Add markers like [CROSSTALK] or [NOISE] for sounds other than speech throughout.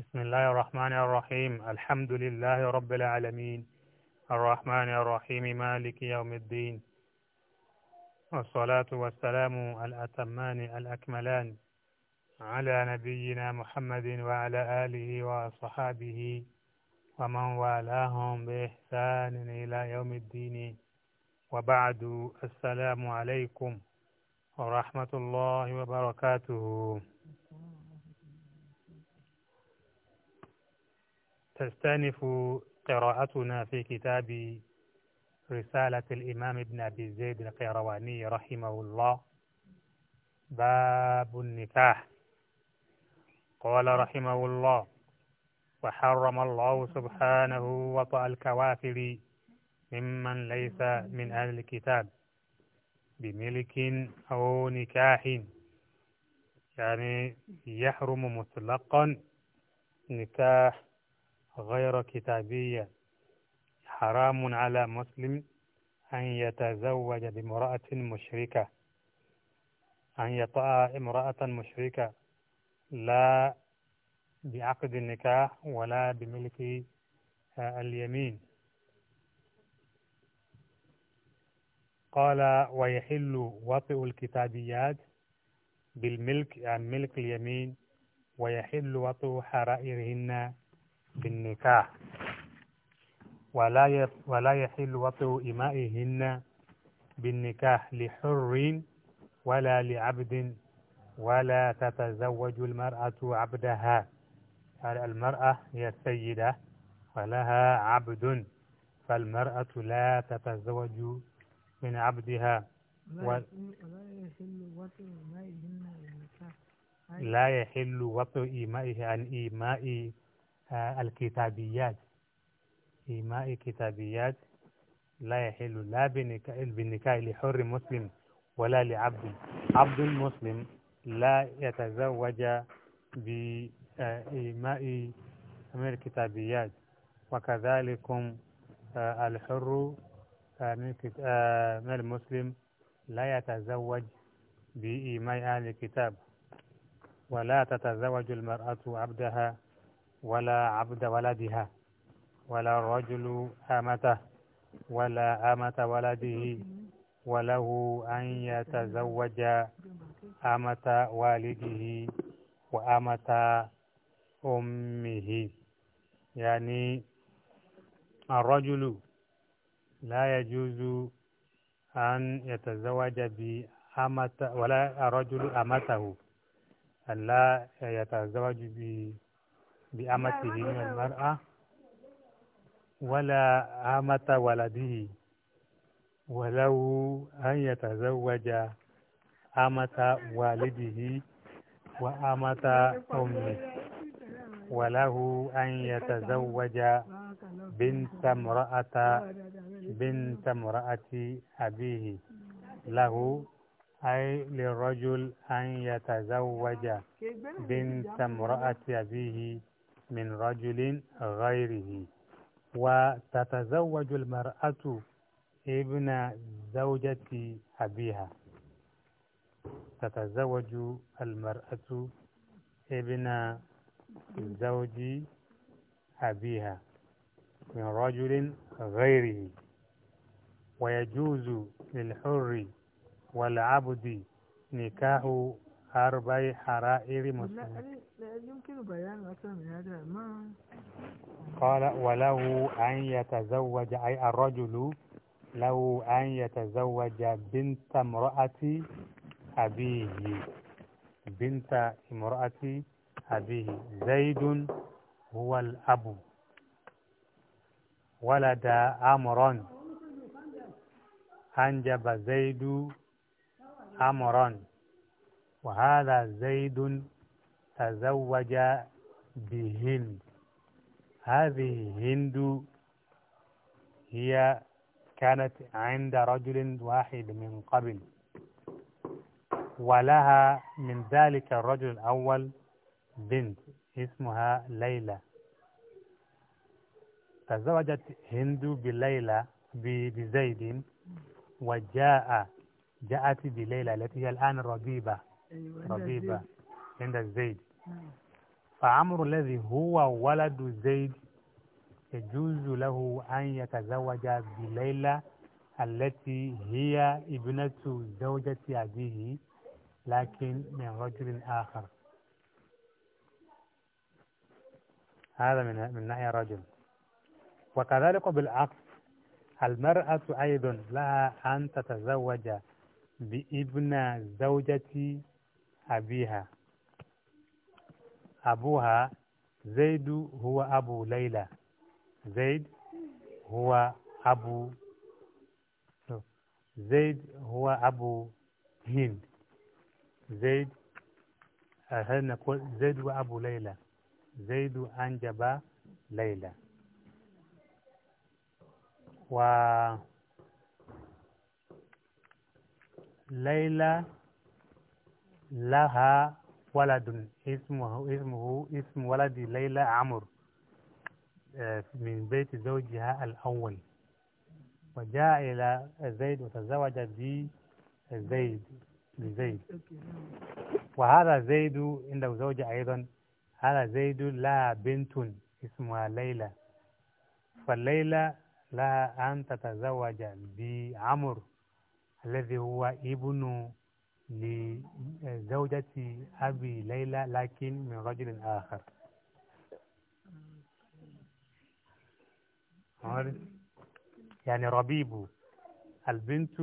بسم الله الرحمن الرحيم الحمد لله رب العالمين الرحمن الرحيم مالك يوم الدين والصلاة والسلام الأتمان الأكملان على نبينا محمد وعلى آله وصحابه ومن والاهم بإحسان إلى يوم الدين وبعد السلام عليكم ورحمة الله وبركاته تستأنف قراءتنا في كتاب رسالة الإمام ابن أبي زيد القيرواني رحمه الله باب النكاح قال رحمه الله وحرم الله سبحانه وطأ الكوافر ممن ليس من أهل الكتاب بملك أو نكاح يعني يحرم مطلقا نكاح غير كتابية حرام على مسلم أن يتزوج بامرأة مشركة أن يطأ امرأة مشركة لا بعقد النكاح ولا بملك آه، اليمين قال ويحل وطئ الكتابيات بالملك عن آه، ملك اليمين ويحل وطئ حرائرهن بالنكاح ولا ولا يحل وطئ إمائهن بالنكاح لحر ولا لعبد ولا تتزوج المرأة عبدها يعني المرأة هي السيدة ولها عبد فالمرأة لا تتزوج من عبدها و... لا يحل وطئ إيمائه عن إيماء الكتابيات إيماء كتابيات لا يحل لا بالنكاح لحر مسلم ولا لعبد عبد مسلم لا يتزوج بإيماء آه، من الكتابيات وكذلك آه، الحر آه، من المسلم لا يتزوج بإيماء أهل الكتاب ولا تتزوج المرأة عبدها ولا عبد ولدها ولا الرجل أمته ولا أمة ولده وله أن يتزوج أمة والده وأمة أمه يعني الرجل لا يجوز أن يتزوج بأمة ولا الرجل أمته أن لا يتزوج بأمته بأمته من المرأة ولا أمة ولده ولو أن يتزوج أمة والده وأمة أمه وله أن يتزوج بنت امرأة بنت امرأة أبيه له أي للرجل أن يتزوج بنت امرأة أبيه من رجل غيره وتتزوج المرأة ابن زوجة أبيها تتزوج المرأة ابن زوج أبيها من رجل غيره ويجوز للحر والعبد نكاح harbai hara'iri musulmi qala walahu an yatazawwaja ay ar-rajulu lahu an yatazawwaja binta imra'ati abihi binta imra'ati abihi zaidun huwa al-abu walada amran anjaba zaidu amran وهذا زيد تزوج بهند هذه هند هي كانت عند رجل واحد من قبل ولها من ذلك الرجل الأول بنت اسمها ليلى تزوجت هند بليلى بزيد وجاء جاءت بليلى التي هي الآن الربيبة ربيبة عند زيد نعم. فعمر الذي هو ولد زيد يجوز له أن يتزوج بليلى التي هي ابنة زوجة أبيه لكن من رجل آخر هذا من من ناحية رجل وكذلك بالعكس المرأة أيضا لها أن تتزوج بابن زوجة أبيها أبوها زيد هو أبو ليلى زيد هو أبو زيد هو أبو هند زيد هل نقول زيد وأبو ليلى زيد أنجب ليلى و ليلى لها ولد اسمه اسمه اسم ولد ليلى عمرو آه، من بيت زوجها الأول وجاء إلى زيد وتزوج بزيد بزيد وهذا زيد عنده زوجة أيضا هذا زيد لها بنت اسمها ليلى فليلى لها أن تتزوج بعمر الذي هو ابن لزوجة أبي ليلى لكن من رجل آخر يعني ربيب البنت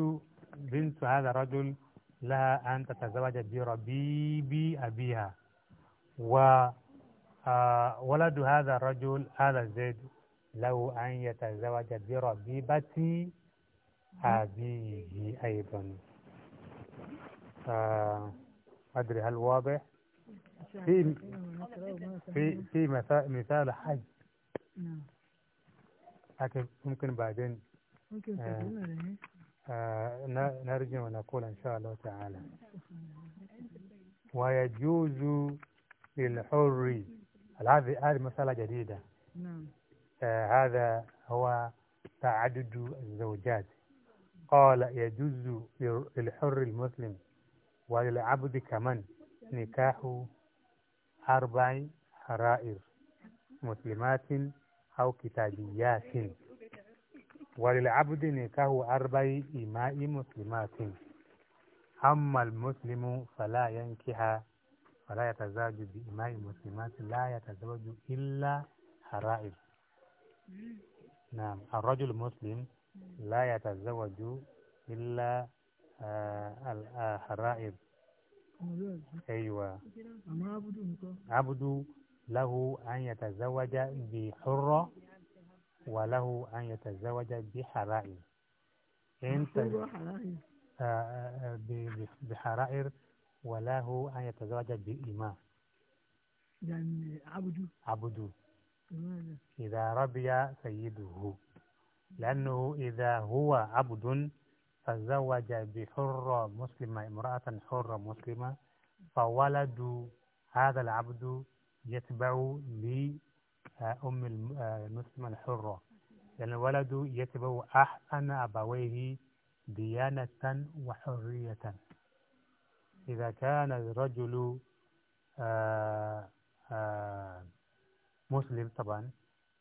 بنت هذا الرجل لها أن تتزوج بربيب أبيها وولد آه، هذا الرجل هذا زيد له أن يتزوج بربيبة أبيه أيضا آه، أدري هل واضح في في في مثال مثال حي نعم. لكن ممكن بعدين ممكن آه إيه؟ آه نرجع ونقول إن شاء الله تعالى ويجوز للحر هذه هذه مسألة جديدة نعم. آه هذا هو تعدد الزوجات قال يجوز للحر المسلم وللعبد كمان نكاح أربع حرائر مسلمات أو كتابيات وللعبد نكاح أربع إماء مسلمات أما المسلم فلا ينكح فلا يتزوج بإماء مسلمات لا يتزوج إلا حرائر نعم الرجل المسلم لا يتزوج إلا آه، آه، الرائب أيوة عبد له أن يتزوج بحرة وله أن يتزوج بحرائر انت آه، بحرائر وله أن يتزوج بإمام يعني عبد عبد إذا ربي سيده لأنه إذا هو عبد تزوج بحرة مسلمة امرأة حرة مسلمة فولد هذا العبد يتبع لأم آه، المسلمة آه، الحرة يعني الولد يتبع أحسن أبويه ديانة وحرية إذا كان الرجل آه، مسلم طبعا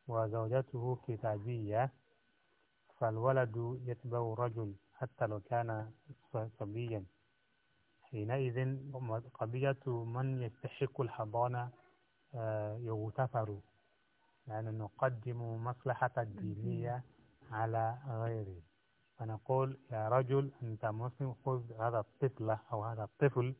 وزوجته كتابية فالولد يتبع الرجل حتى لو كان صبيا حينئذ قضية من يستحق الحضانة آه، يغتفر لأن يعني نقدم مصلحة الدينية على غيره فنقول يا رجل أنت مسلم خذ هذا الطفل أو هذا الطفل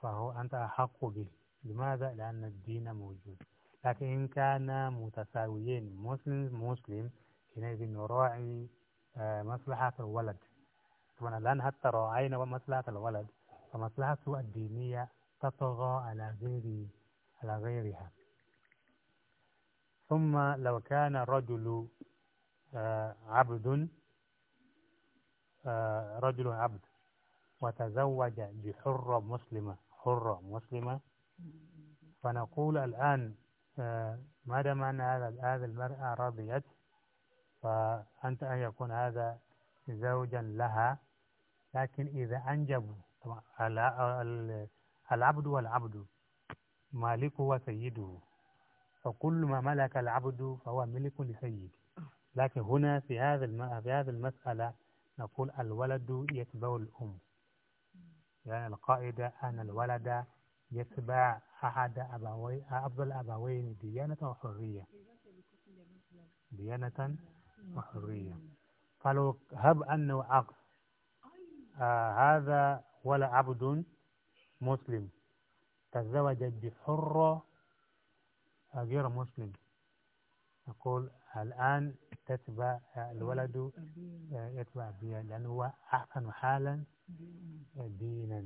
فهو أنت أحق به لماذا؟ لأن الدين موجود لكن إن كان متساويين مسلم مسلم حينئذ نراعي آه، مصلحة الولد طبعا الآن حتى راعينا مصلحة الولد فمصلحة الدينية تطغى على غير على غيرها ثم لو كان الرجل آه، عبد آه، رجل عبد وتزوج بحرة مسلمة حرة مسلمة فنقول الآن دام أن هذا هذه المرأة رضيت فأنت أن يكون هذا زوجا لها لكن إذا أنجبوا العبد والعبد مالكه وسيده فكل ما ملك العبد فهو ملك لسيده لكن هنا في هذا في هذه المسألة نقول الولد يتبع الأم يعني القائدة أن الولد يتبع أحد أبوي أفضل أبوين ديانة وحرية ديانة وحرية قالوا هب أنه عقد آه هذا ولا عبد مسلم تزوجت بحرة آه، غير مسلم نقول الآن تتبع الولد آه، يتبع بها لأنه هو أحسن حالا دينا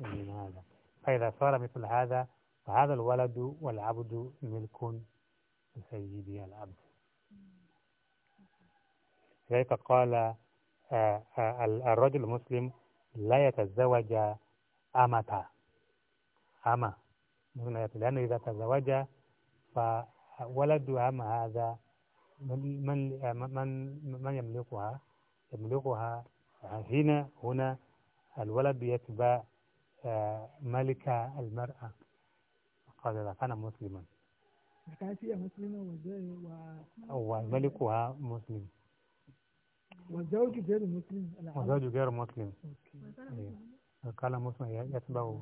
من هذا فإذا صار مثل هذا فهذا الولد والعبد ملك لسيدي العبد لذلك قال آه، آه، الرجل المسلم لا يتزوج أمة أمة لأنه إذا تزوج فولد أم هذا من من من يملكها يملكها هنا هنا الولد يتبع آه، ملك المرأة قال إذا كان مسلما كانت هي مسلمة وملكها مسلم وزوج غير مسلم وزوج غير مسلم إيه. قال مسلم يتبع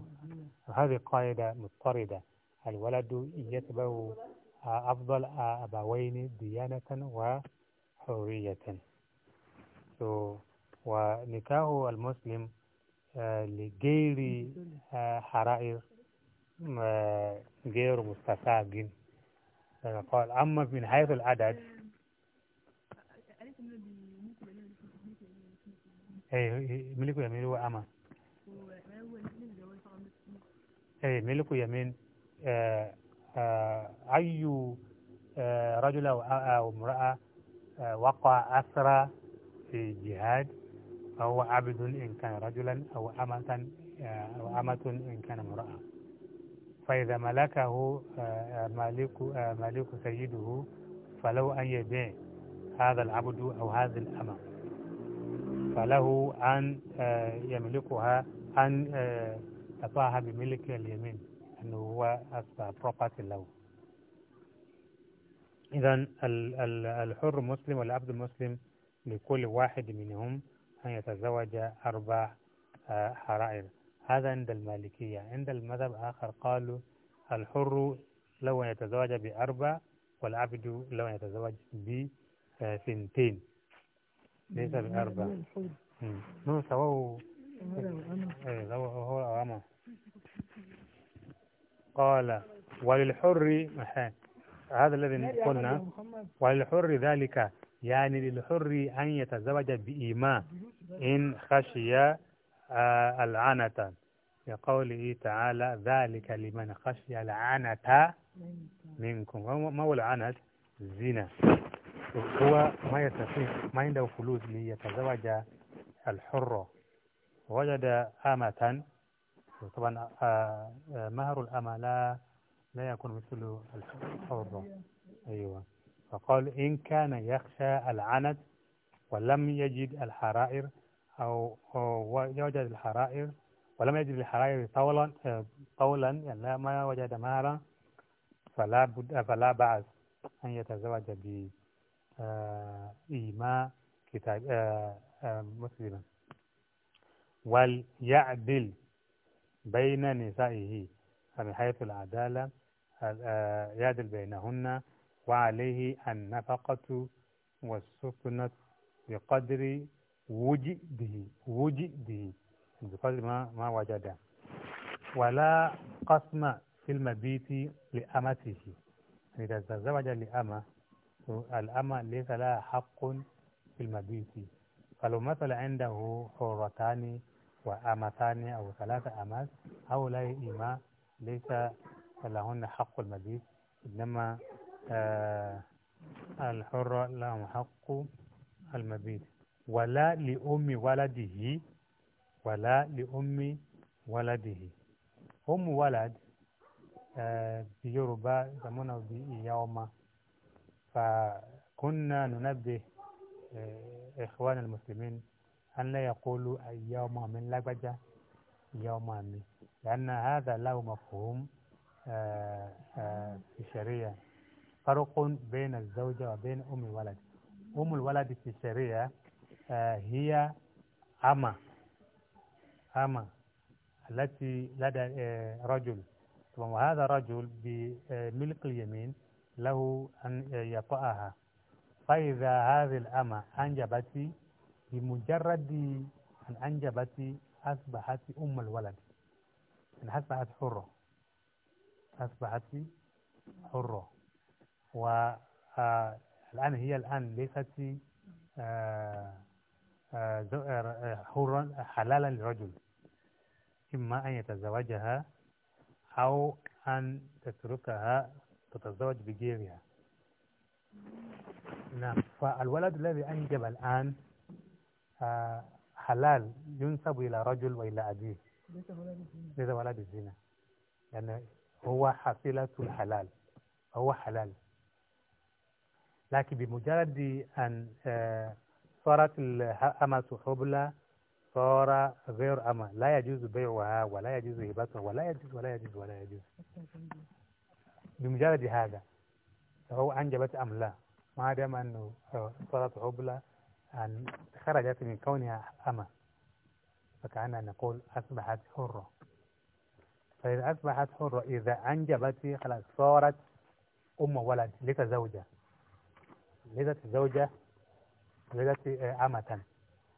هذه قاعدة مضطردة الولد يتبع أفضل أبوين ديانة وحرية so, ونكاه المسلم آه، لغير آه، حرائر آه، غير مستفاق قال أما من حيث العدد إيه، ملك يمين وأمة إيه، آه، آه، أي ملك يمين أي رجل أو امرأة آه، وقع أسرى في جهاد فهو عبد إن كان رجلا أو أمة أو أمة إن كان امرأة فإذا ملكه مالك مالك سيده فلو أن يبيع هذا العبد أو هذه الأمة فله أن آه، يملكها أن يطاعها آه، بملك اليمين أنه هو أصبح property له إذا الحر مسلم والعبد مسلم لكل واحد منهم أن يتزوج أربع آه، حرائر هذا عند المالكية عند المذهب آخر قالوا الحر لو يتزوج بأربع والعبد لو يتزوج بثنتين ليس بأربع نو سواء هو أمه إيه، قال وللحر محان هذا الذي قلنا وللحر ذلك يعني للحر أن يتزوج بإيماء إن خشي آه، العنة لقوله تعالى ذلك لمن خشي العنة منكم ما هو العنت الزنا هو ما يستطيع ما عنده فلوس ليتزوج الحرة وجد أمة طبعا آه، آه، مهر الأمة لا لا يكون مثل الحرة أيوة فقال إن كان يخشى العنت ولم يجد الحرائر أو, أو وجد الحرائر ولم يجد الحرائر طولا آه، طولا يعني لا ما وجد مهرا فلا بد فلا بأس أن يتزوج به إيماء كتاب آه، آه، مسلما وليعدل بين نسائه من حيث العدالة آه، يعدل بينهن وعليه النفقة والسكنة بقدر وجده وجده بقدر ما, ما وجده ولا قسم في المبيت لأمته يعني إذا تزوج لأمه الأمة ليس لها حق في المبيت فلو مثل عنده حرتان وأمتان أو ثلاثة أمات هؤلاء إماء ليس لهن حق المبيت إنما آه، الحرة لهم حق المبيت ولا لأم ولده ولا لأم ولده أم ولد في آه، يوروبا يسمونه بيوما فكنا ننبه آه، إخوان المسلمين أن لا يقولوا يوم من لبجة يوم من لأن هذا له مفهوم آه، آه، في الشريعة فرق بين الزوجة وبين أم الولد أم الولد في الشريعة هي أما أما التي لدى رجل وهذا رجل بملك اليمين له أن يطأها فإذا هذه الأمة أنجبت بمجرد أن أنجبت أصبحت أم الولد إن يعني أصبحت حرة أصبحت حرة والآن آه، هي الآن ليست آه، آه، حرا حلالا للرجل إما أن يتزوجها أو أن تتركها تتزوج بجيريا نعم فالولد الذي أنجب الآن آه، حلال ينسب إلى رجل وإلى أبيه ليس ولد الزنا يعني هو حصيلة الحلال هو حلال لكن بمجرد أن آه، صارت الأمة حبلى صار غير أمة لا يجوز بيعها ولا يجوز هبتها ولا يجوز ولا يجوز ولا يجوز, ولا يجوز. بمجرد هذا سواء أنجبت أم لا ما دام أنه صارت عبلة أن خرجت من كونها أما فكأننا نقول أصبحت حرة فإذا أصبحت حرة إذا أنجبت خلاص صارت أم ولد ليست زوجة ليست زوجة ليست أمة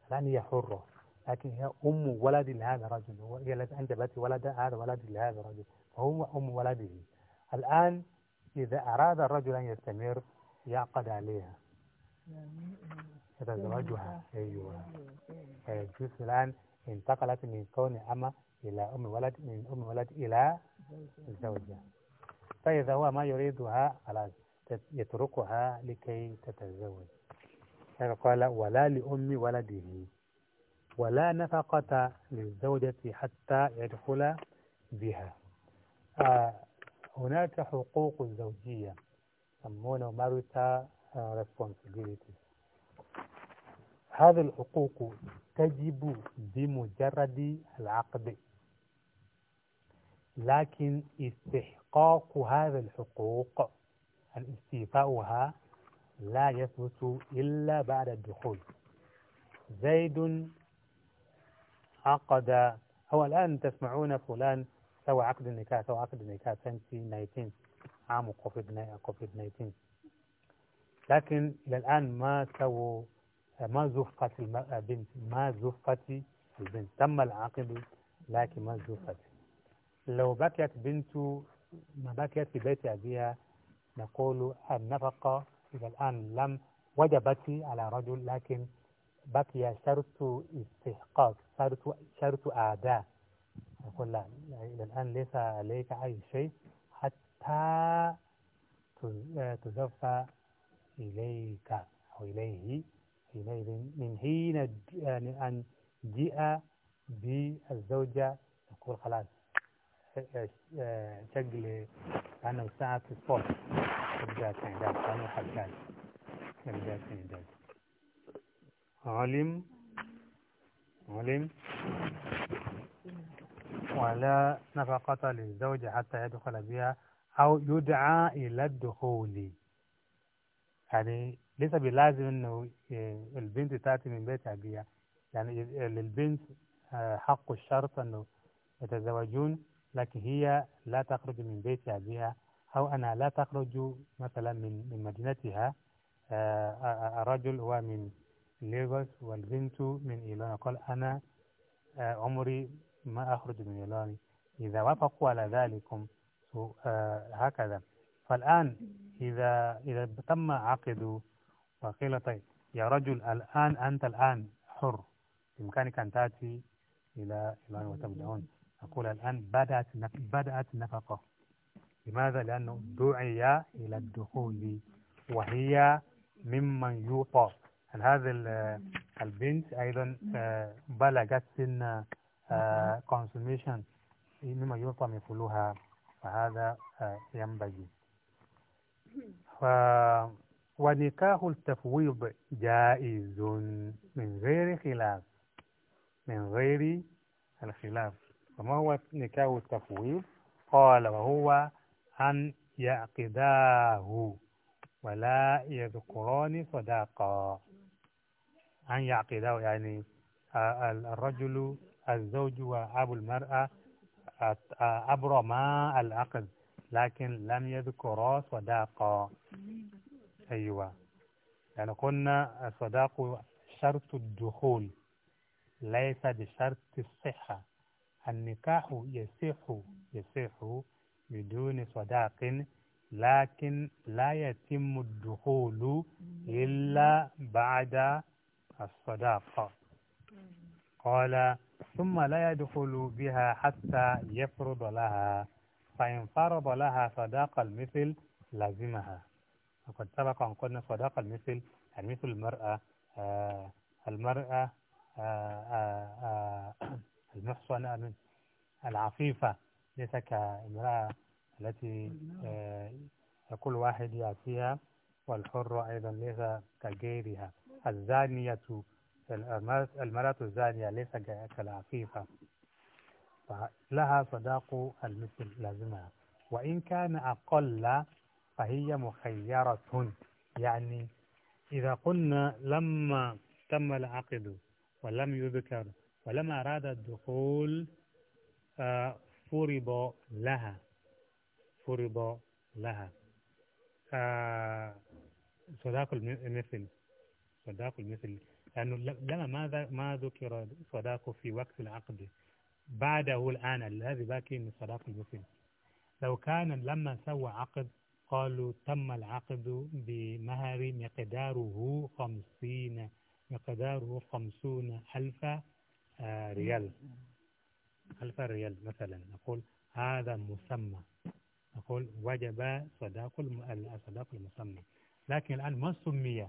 الآن هي حرة لكن هي أم ولد لهذا الرجل هي التي أنجبت ولد هذا ولد لهذا الرجل فهو أم ولده الآن إذا أراد الرجل أن يستمر يعقد عليها يتزوجها أيوة فيجوز الآن انتقلت من كون أما إلى أم ولد من أم ولد إلى زوجة فإذا هو ما يريدها خلاص يتركها لكي تتزوج قال ولا لأم ولده ولا نفقة للزوجة حتى يدخل بها آه هناك حقوق زوجية يسمونه مارتا آه، responsibilities هذه الحقوق تجب بمجرد العقد لكن استحقاق هذه الحقوق استيفاؤها لا يثبت إلا بعد الدخول زيد عقد هو الآن تسمعون فلان سوى عقد النكاح سوى عقد النكاح كان في 19 عام كوفيد 19 لكن إلى الآن ما سووا ما زفت البنت ما زفت البنت تم العقد لكن ما زفت لو بقيت بنته ما بقيت في بيت أبيها نقول النفقة إلى الآن لم وجبت على رجل لكن بقي شرط استحقاق شرط شرط آداء يقول لا إلى الآن ليس عليك أي شيء حتى تزف إليك أو إليه إليه من حين يعني أن جاء بالزوجة يقول خلاص شكل أنا ساعة سبورت تبدأ تعداد أنا حداد تبدأ تعداد علم علم ولا نفقة للزوج حتى يدخل بها أو يدعى إلى الدخول يعني ليس بلازم أنه آه، البنت تأتي من بيت أبيها يعني للبنت آه، حق الشرط أنه يتزوجون لكن هي لا تخرج من بيت أبيها أو أنا لا تخرج مثلا من من مدينتها الرجل آه، هو من ليغوس والبنت من إيلون قال أنا عمري ما أخرج من الوهم إذا وافقوا على ذلكم آه، هكذا فالآن إذا إذا تم عقد وقيل طيب يا رجل الآن أنت الآن حر بإمكانك أن تأتي إلى إلى وتبدأون أقول الآن بدأت بدأت نفقة لماذا؟ لأنه دعي إلى الدخول وهي ممن يوطى هذه هذا البنت أيضا آه، بلغت سن كونسوميشن آه، مما يعطى من فلوها فهذا آه، ينبغي ونكاح التفويض جائز من غير خلاف من غير الخلاف فما هو نكاح التفويض قال وهو أن يعقداه ولا يذكران صداقا أن يعقداه يعني آه، الرجل الزوج وأبو المرأة أبرما العقد لكن لم يذكرا صداقا أيوة يعني قلنا الصداق شرط الدخول ليس بشرط الصحة النكاح يصح يصح بدون صداق لكن لا يتم الدخول إلا بعد الصداق قال ثم لا يدخل بها حتى يفرض لها فإن فرض لها صداق المثل لازمها وقد سبق أن قلنا صداق المثل يعني مثل المرأة آه المرأة آه آه, آه، المحصنة العفيفة ليس كامرأة التي آه، كل واحد يأتيها والحر أيضا ليس كغيرها الزانية المرأة الزانية ليس كالعفيفة لها صداق المثل لازمها وإن كان أقل فهي مخيرة يعني إذا قلنا لما تم العقد ولم يذكر ولما أراد الدخول آه، فرض لها فرض لها آه، صداق المثل صداق المثل لأنه لما ما ما ذكر صداقه في وقت العقد بعده الآن الذي باقي من صداق المسلم لو كان لما سوى عقد قالوا تم العقد بمهر مقداره خمسين مقداره خمسون ألف آه، ريال ألف ريال مثلا نقول هذا مسمى نقول وجب صداق صداق المسمى لكن الآن ما سمي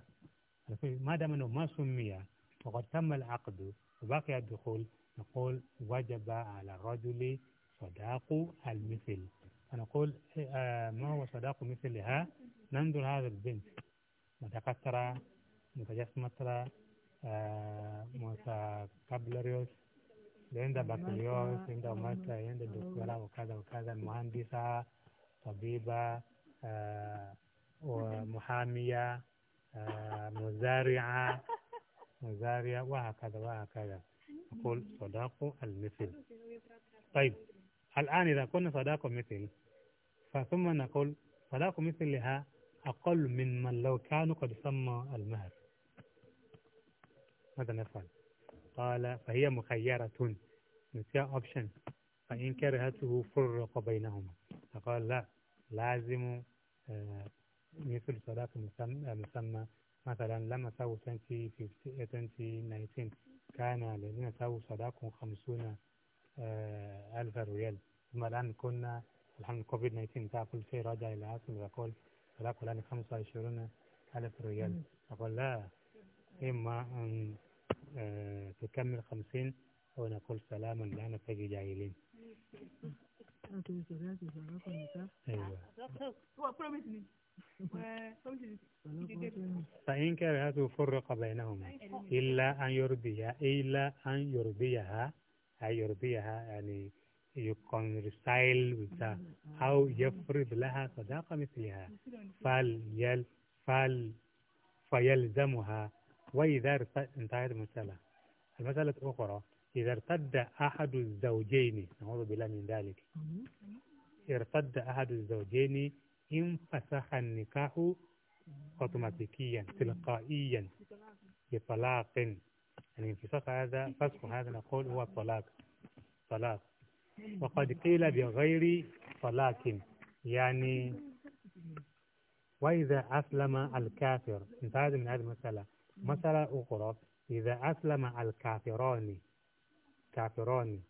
ما دام أنه ما سمي وقد تم العقد وبقي الدخول نقول وجب على الرجل صداق المثل فنقول آه، ما هو صداق مثلها ننظر هذا البنت متكثره متجسمترة آه، متكابلريوس عندها بكالوريوس عندها ماستر عندها دكتوراه وكذا وكذا مهندسة طبيبة آه، ومحامية مزارعة مزارعة وهكذا وهكذا نقول صداق المثل طيب الآن إذا قلنا صداق مثل فثم نقول صداق مثلها أقل من من لو كانوا قد سمى المهر ماذا نفعل قال فهي مخيرة نسيا أوبشن فإن كرهته فرق بينهما فقال لا لازم آه، مثل صلاة مسمى مثلا لما سووا 2019 كان الذين سووا صداقهم 50 آه، ألف ريال ثم الآن كنا الحمد لله كوفيد 19 بتاع كل شيء راجع إلى أصل يقول صداقه الآن 25 ألف ريال أقول لا إما أن آه، تكمل 50 أو نقول سلاما لا نتجي جاهلين أيوه. فإن كرهته فرق بينهما إلا أن يرضيها إلا أن يرضيها أن يرضيها يعني يكون can أو يفرض لها صداقة مثلها يل فال فيلزمها وإذا انتهت المسألة المسألة أخرى إذا ارتد أحد الزوجين نعوذ بالله من ذلك ارتد أحد الزوجين انفسخ النكاح أوتوماتيكيا تلقائيا بطلاق يعني انفساخ هذا فسخ هذا نقول هو طلاق طلاق وقد قيل بغير طلاق يعني وإذا أسلم الكافر انتهت من هذه المسألة مسألة أخرى إذا أسلم الكافران كافران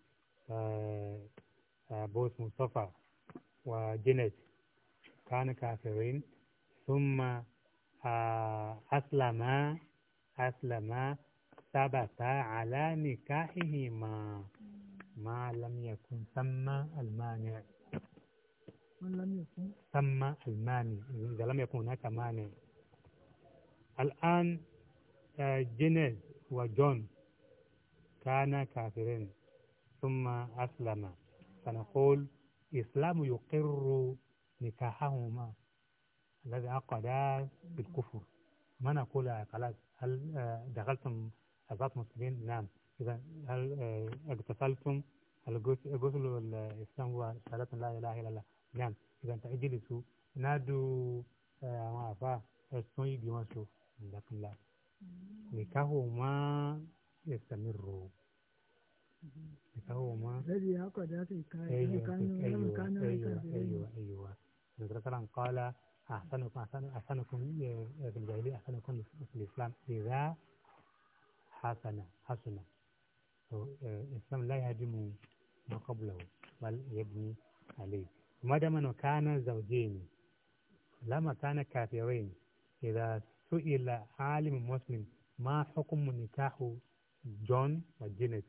أبوس آه، آه، مصطفى وجنت كان كافرين ثم آه، أسلما أسلما ثبت على نكاحهما ما لم يكن ثم المانع لم يكن ثم المانع إذا لم يكن هناك مانع الآن آه، جينيز وجون كان كافرين ثم أسلما فنقول إسلام يقر نكاحهما الذي عقد بالكفر ما نقول خلاص هل آه، دخلتم أزواج مسلمين؟ نعم إذا هل اغتسلتم آه، الغسل الإسلام هو شهادة لا إله إلا الله نعم إذا تجلسوا نادوا آه، ما فا السوي بمسو لكن لا نكاحهما يستمر نكاحهما الذي عقدا في أيوة، أيوة، كان أيوة أيوة أيوة, أيوة, أيوة, أيوة مثلا قال أحسنكم أحسنكم في آه، الجاهلية أحسنكم في الإسلام إذا حسن حسن آه، الإسلام لا يهدم ما قبله بل يبني عليه ما دام كان زوجين لما كان كافرين إذا سئل عالم مسلم ما حكم نكاح جون وجينيس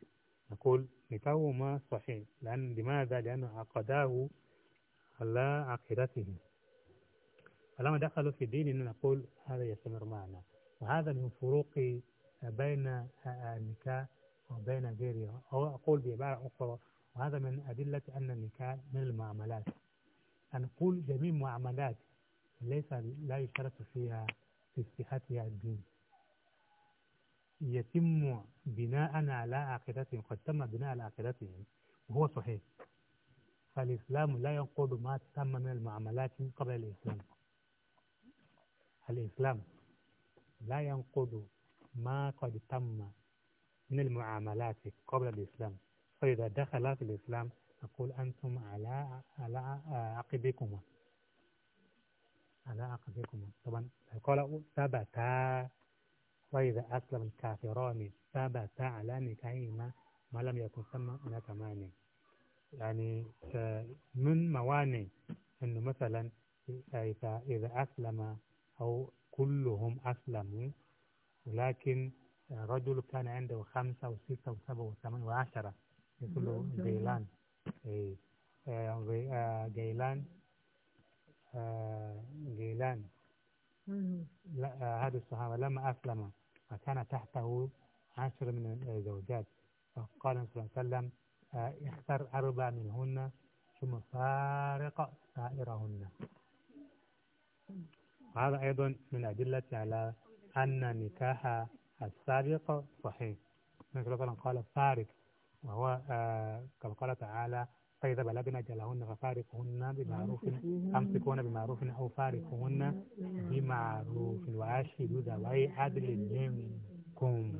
نقول نكاحهما صحيح لأن لماذا؟ لأنه عقداه على عقيدتهم فلما دخلوا في ديننا نقول هذا يستمر معنا وهذا من فروق بين النكاح وبين غيره أو أقول بعبارة أخرى وهذا من أدلة أن النكاح من المعاملات نقول جميع معاملات ليس لا يشترط فيها في صحتها الدين يتم بناء على عقيدتهم قد تم بناء على عقيدتهم وهو صحيح فالإسلام لا ينقض ما تم من المعاملات قبل الإسلام الإسلام لا ينقض ما قد تم من المعاملات قبل الإسلام فإذا دخل في الإسلام نقول أنتم على على عقبكم على عقبكم طبعا قال ثبت وإذا أسلم الكافران ثبت على نكاهما ما لم يكن ثم هناك مانع يعني آه، من موانع أنه مثلا إذا إذا أسلم أو كلهم أسلموا ولكن آه، رجل كان عنده خمسة وستة وسبعة وثمانية وعشرة يقول جيلان إيه، آه، جيلان جيلان هذا الصحابة لما أسلم وكان تحته عشر من الزوجات فقال صلى الله عليه وسلم اختر أربع منهن ثم فارق سائرهن هذا أيضا من أدلة على أن نكاح السابق صحيح مثلا قال فارق وهو آه، كما قال تعالى فإذا بلغنا جلهن ففارقهن بمعروف أمسكون بمعروف أو فارقهن بمعروف وأشهدوا ذوي عدل منكم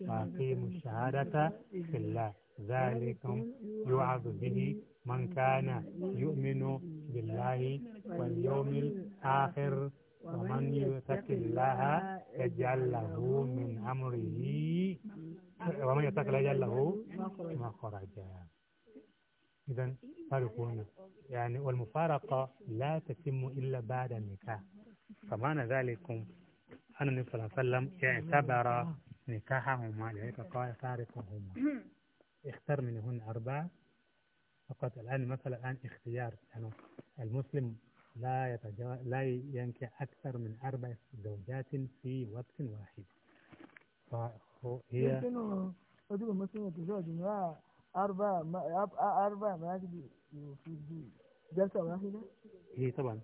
وأقيموا الشهادة في الله ذلكم يوعظ به من كان يؤمن بالله واليوم الآخر ومن يتق الله يجعل له من أمره ومن يتق الله يجعل له مخرجا إذا فارقون يعني والمفارقة لا تتم إلا بعد النكاح فمعنى ذلك أن النبي صلى الله عليه وسلم اعتبر نكاحهما لذلك يعني قال فارقهما اختر منهن أربعة فقط الآن مثلا الآن اختيار يعني المسلم لا يتجاوز لا ينكح أكثر من أربع زوجات في وقت واحد فهي يمكن مثلا يتزوج مع أربع أربع مناكب في جلسة واحدة؟ هي إيه، طبعا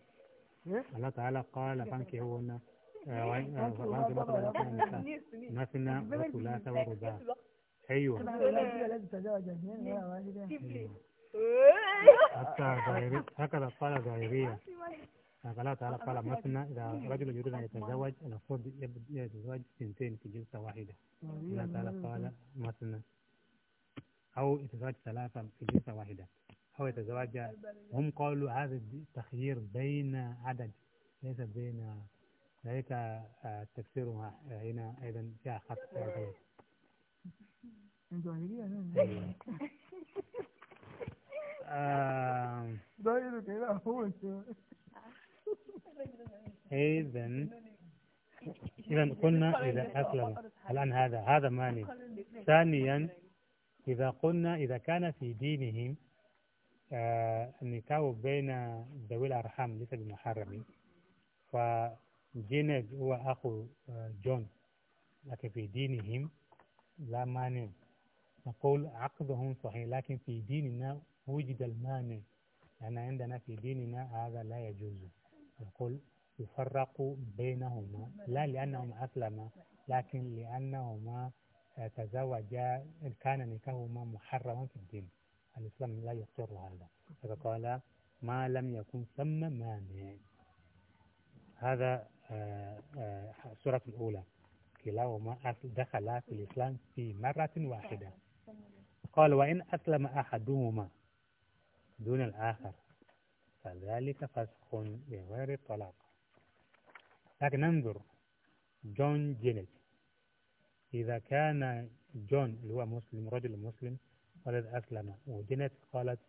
إيه؟ الله تعالى قال فانكحوهن آه، وانكحوا آه، مثلا [LAUGHS] مثنى وثلاث ورباع ايوه إيه. إيه. إيه. حتى ظاهري هكذا قال ظاهرية قال تعالى قال مثنى إذا رجل يريد أن يتزوج المفروض يتزوج اثنتين في جلسة واحدة طيب، الله تعالى قال مثنى أو يتزوج ثلاثة في جلسة واحدة أو يتزوج هم قالوا هذا التخيير بين عدد ليس بين ذلك آه، تفسيرها هنا أيضا فيها خطأ إذا إذا قلنا إذا أسلم الآن هذا هذا ماني ثانيا إذا قلنا إذا كان في دينهم آه، النكاح بين ذوي الأرحام ليس بمحرم فجينيز هو أخو آه، جون لكن في دينهم لا مانع نقول عقدهم صحيح لكن في ديننا وجد المانع لأن عندنا في ديننا هذا لا يجوز نقول يفرق بينهما لا لأنهما أسلما لكن لأنهما تزوجا كان نكاهما محرما في الدين الإسلام لا يقر هذا فقال ما لم يكن ثم مانع هذا السورة آه، آه، الأولى كلاهما دخلا في الإسلام في مرة واحدة قال وإن أسلم أحدهما دون الآخر فذلك فسخ بغير الطلاق لكن انظر جون جينيت إذا كان جون اللي هو مسلم رجل مسلم ولد أسلم وجينيت قالت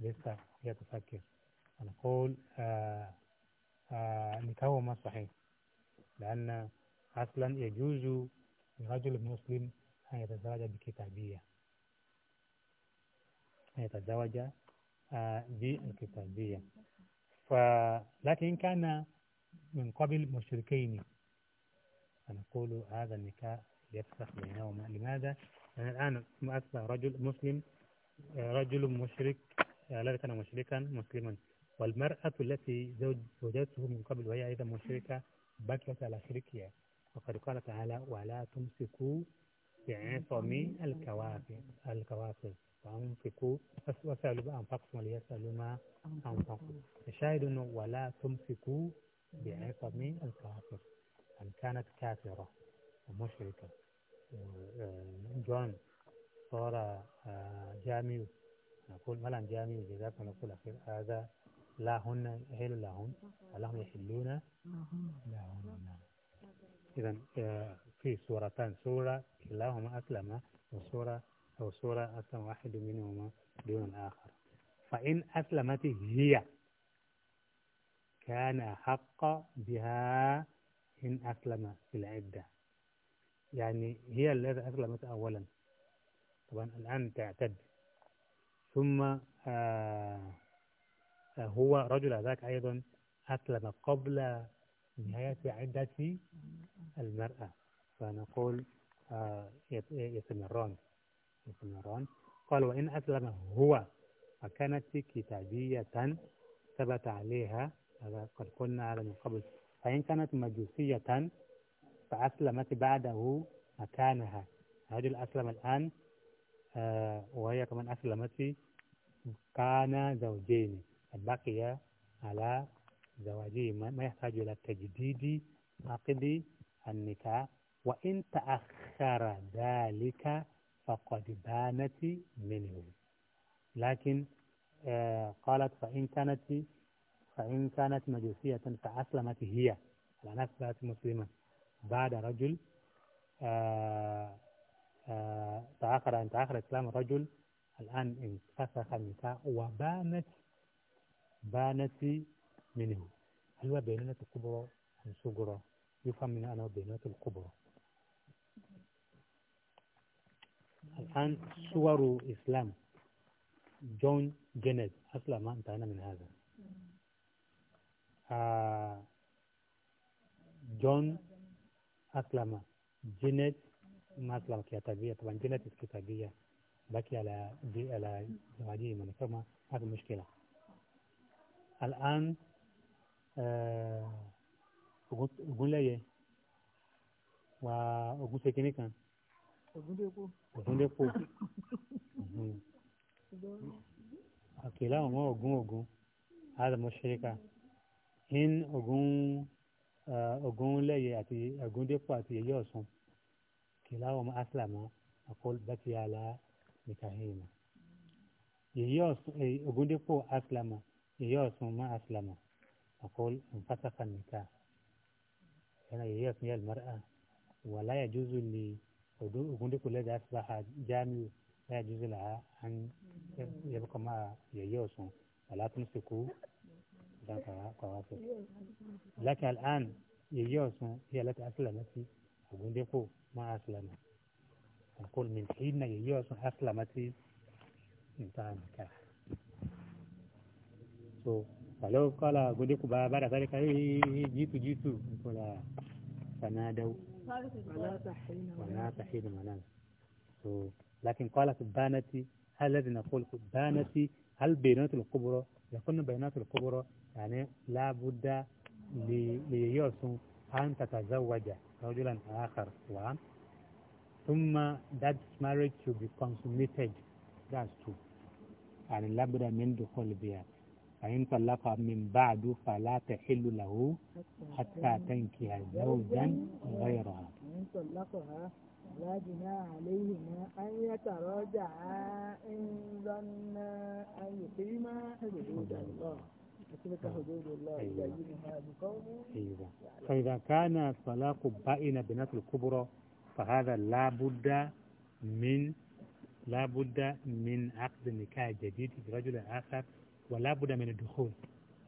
لسه هي تفكر نقول آه آه نكاحه ما صحيح لأن أصلا يجوز لرجل مسلم أن يتزوج بكتابية يتزوج بالكتابية آه، ولكن كان من قبل مشركين فنقول هذا النكاح يفسخ بينهما لماذا؟ لأن الآن أصبح رجل مسلم آه، رجل مشرك الذي آه، كان مشركا مسلما والمرأة التي زوجته من قبل وهي أيضا مشركة بكت على شركها وقد قال تعالى ولا تمسكوا بعصم الكوافر الكوافر وأنفقوا وسألوا بأنفقكم وليسألوا ما أنفقوا الشاهد أنه ولا تنفقوا بعصم الكافر أن كانت كافرة ومشركة آه، جون صار آه، جامي نقول ملا جامي جزاكم نقول أخير هذا لا هن حل لهن ولهم يحلون لا هن إذا آه، في سورتان سورة كلاهما أسلم وسورة أو صورة أسلم واحد منهما دون الآخر فإن أسلمت هي كان حق بها إن أسلم في العدة يعني هي التي أسلمت أولا طبعا الآن تعتد ثم آه, آه، هو رجل ذاك أيضا أسلم قبل نهاية عدة المرأة فنقول آه يستمران في قال وإن أسلم هو فكانت كتابية ثبت عليها هذا قد قلنا هذا من قبل فإن كانت مجوسية فأسلمت بعده مكانها هذه الأسلم الآن آه، وهي كمان أسلمت كان زوجين الباقية على زواجه ما يحتاج إلى تجديد عقد النكاح وإن تأخر ذلك فقد بانت منه لكن آه، قالت فإن كانت فإن كانت مجوسية فأسلمت هي لأنها أصبحت مسلمة بعد رجل تأخر آه، آه، أن تأخر إسلام الرجل الآن انفسخ النساء وبانت بانت منه هل هو بينونة الكبرى أم صغرى يفهم من أنا بينونة الكبرى الآن صور إسلام جون جينيت أصلا ما انتهينا من هذا آه جون أسلم جينيت ما أسلم كتابية طبعا جينيز كتابية بكي على دي على جماعية من ثم هذه مشكلة الآن آه أقول لي وأقول سكيني كان ògúndépò. ògúndépò àkèlà ogun ogun ògún àdàmọ́ṣẹ́ríkà in ògún uh, ògún lẹ́yẹ àti ògúndépò àti èyí ọ̀sán kèlà àwọn asìlámù àkọlùbátì àlà nìkàhìnà èyí ọ̀sán eh, ògúndépò asìlámù èyí ọ̀sán má asìlámù àkọlùbátàkà nìkà. يعني هي اسمها المرأة ولا يجوز لي وجندك الذي أصبح جامع لا يجوز لها أن يبقى مع ييوس ولا تمسكوا قوافل لكن الآن ييوس هي التي أسلمت وجندك ما أسلمت نقول من حين ييوس أسلمت انتهى النكاح so walau kala gudiku ba ba da sarka yi jitu jitu kula sanadau ونات حين منام لكن قال سبحانتي هل الذي نقول سبحانتي هل بينات الكبرى يكون بينات الكبرى يعني لا بد ليرسم أن تتزوج رجلا آخر وان ثم that marriage should be consummated that's two يعني لا بد من دخول بها فإن طلقها من بعد فلا تحل له حتى تنكح زوجا غيرها فإن طلقها لا جناح عليهما أن يتراجعا إن ظنا أن يقيما حدود آه. الله أيوة. أيوة. فإذا كان الطلاق بين بنات الكبرى فهذا لا بد من لا بد من عقد نكاح جديد برجل آخر ولا بد من الدخول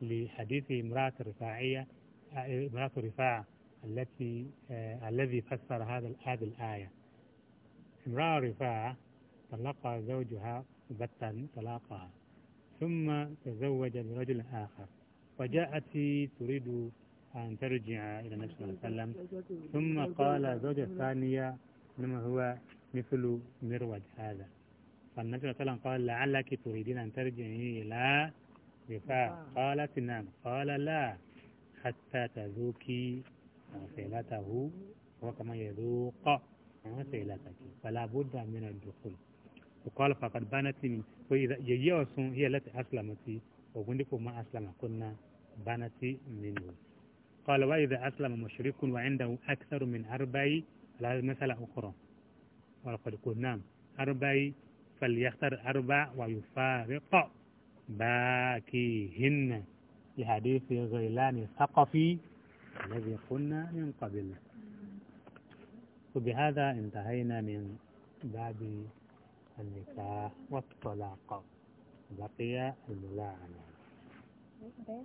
لحديث امرأة الرفاعية امرأة رفاعة التي آه الذي فسر هذا هذه الآية امرأة رفاعة طلقها زوجها بتا طلاقها ثم تزوجت برجل آخر وجاءت تريد أن ترجع إلى النبي صلى الله عليه وسلم ثم قال زوجها الثانية إنما هو مثل مروج هذا فالنبي صلى الله عليه وسلم قال لعلك تريدين أن ترجعي إلى رفاع قالت نعم قال لا حتى تذوقي عسيلته وكما يذوق عسيلتك فلا بد من الدخول وقال فقد بانت وإذا ييأس هي التي أسلمت وغندكم ما أسلم كنا بانت منه قال وإذا أسلم مشرك وعنده أكثر من أربع على مسألة أخرى ولقد قلنا نعم. أربع فليختر أربع ويفارق باكيهن لحديث غيلان الثقفي الذي قلنا من قبل وبهذا انتهينا من باب النكاح والطلاق بقي الملاعنة